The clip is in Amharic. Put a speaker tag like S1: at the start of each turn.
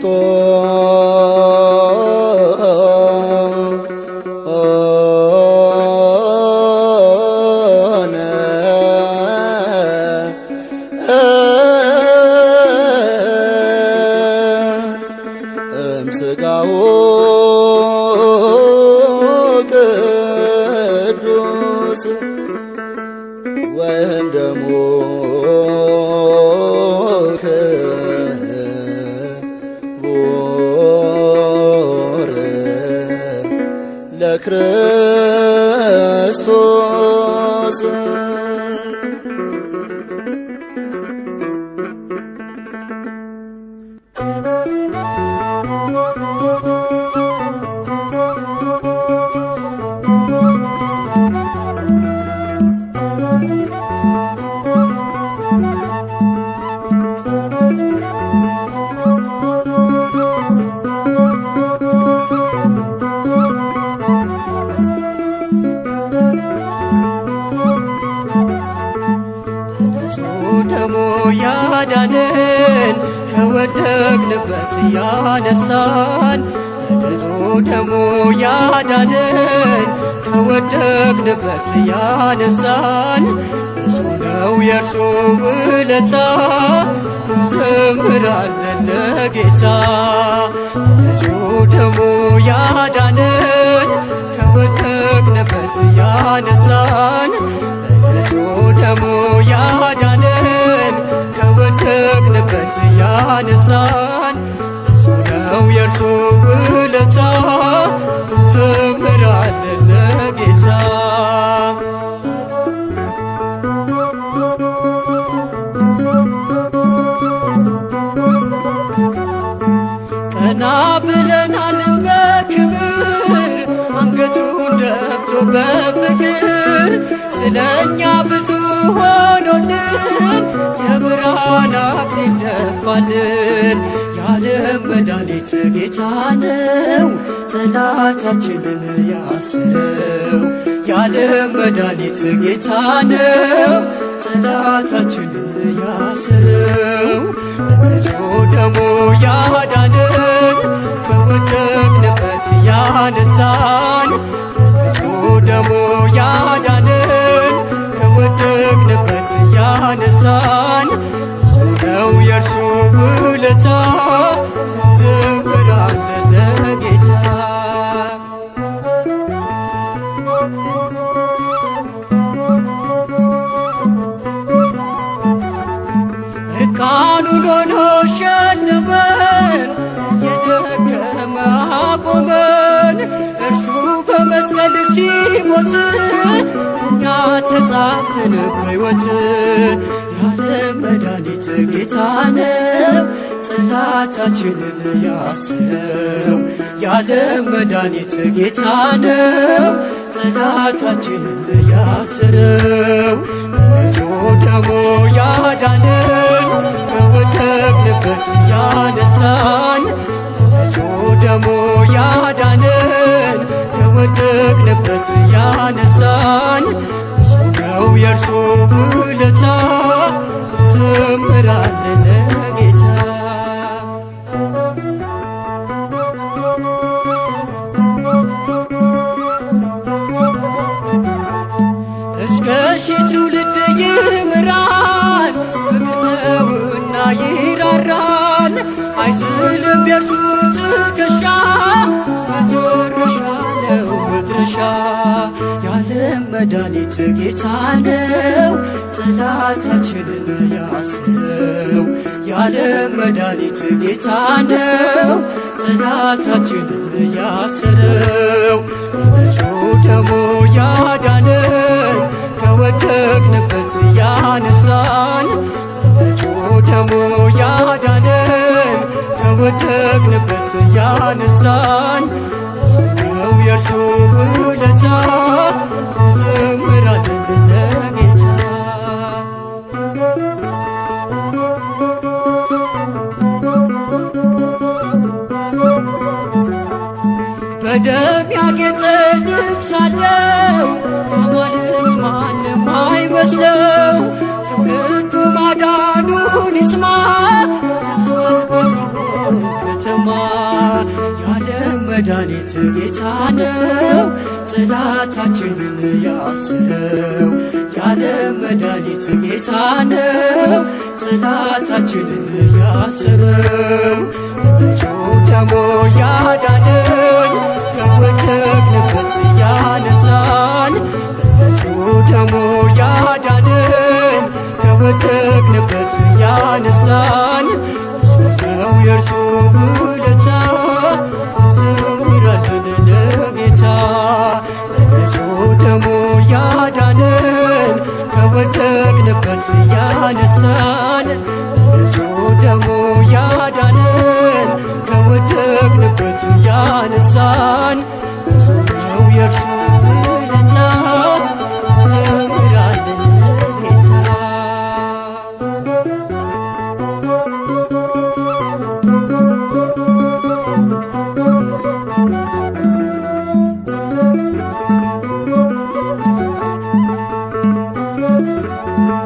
S1: todo. ኢየሱስ ወይም ደግሞ ክቡር ለክርስቶስ ደሞ ያዳነን ከወደቅንበት ያነሳን በንጹ ደሞ ያዳነን ከወደቅንበት ያነሳን ብዙ ነው የእርሱ ውለታ፣ እንዘምራለን ለጌታ። ንጹ ደሙ ያዳነን ከወደቅንበት ያነሳን፣ ንጹ ያዳነን ከወደቅንበት ያነሳን ንጹ ያዳነን ከወደቅንበት ያነሳን ቀና ብለናልን በክብር አንገቱን ደፍቶ በፍቅር ስለኛ ብዙ ሆኖልን የብርሃን አክሊል ደፋልን። የዓለም መድኃኒት ጌታ ነው ጠላታችንን ያስረው። የዓለም መድኃኒት ጌታ ነው ጠላታችንን ያስረው። ብዙ ደሙ ያዳነው ከወደቅንበት ያነሳን ብዙ ደሞ ያዳነን ከወደቅንበት ያነሳን ብዙ ነው የእርሱ ውለታ ሆኖ ሸለመን እስራኤል ሲሞት እኛ ተጻፈን በሕይወት የዓለም መድኃኒት ጌታ ነው ጠላታችንን ያሰረው የዓለም መድኃኒት ጌታ ነው ጠላታችንን ያሰረው ብዙ ደሙ ያዳነን ከወደቅንበት ከሺ ትውልድ ይምራል ፍቅርነውና ይራራል አይዝልም ትከሻ መጨረሻ ነው መድረሻ ያለም መድኃኒት ጌታ ነው ጠላታችንን ያስረው መድኃኒት ጌታ ነው ጠላታችንን ያስረው የወደቅንበት ያነሳን በንጹሕ ደሙ ያዳነን የወደቅንበት ያነሳን ብዙው የእርሱ ውለታ በደም ያጌጠ ልብስ አለው ይወስደው ትውልዱ ማዳኑን ይስማ ከተማ የዓለም መድኃኒት ጌታ ነው ጠላታችንን ያስረው የዓለም መድኃኒት ጌታ ነው ጠላታችንን ያስረው ልጁ ደሞ ያዳነን ከወደቅንበት thank you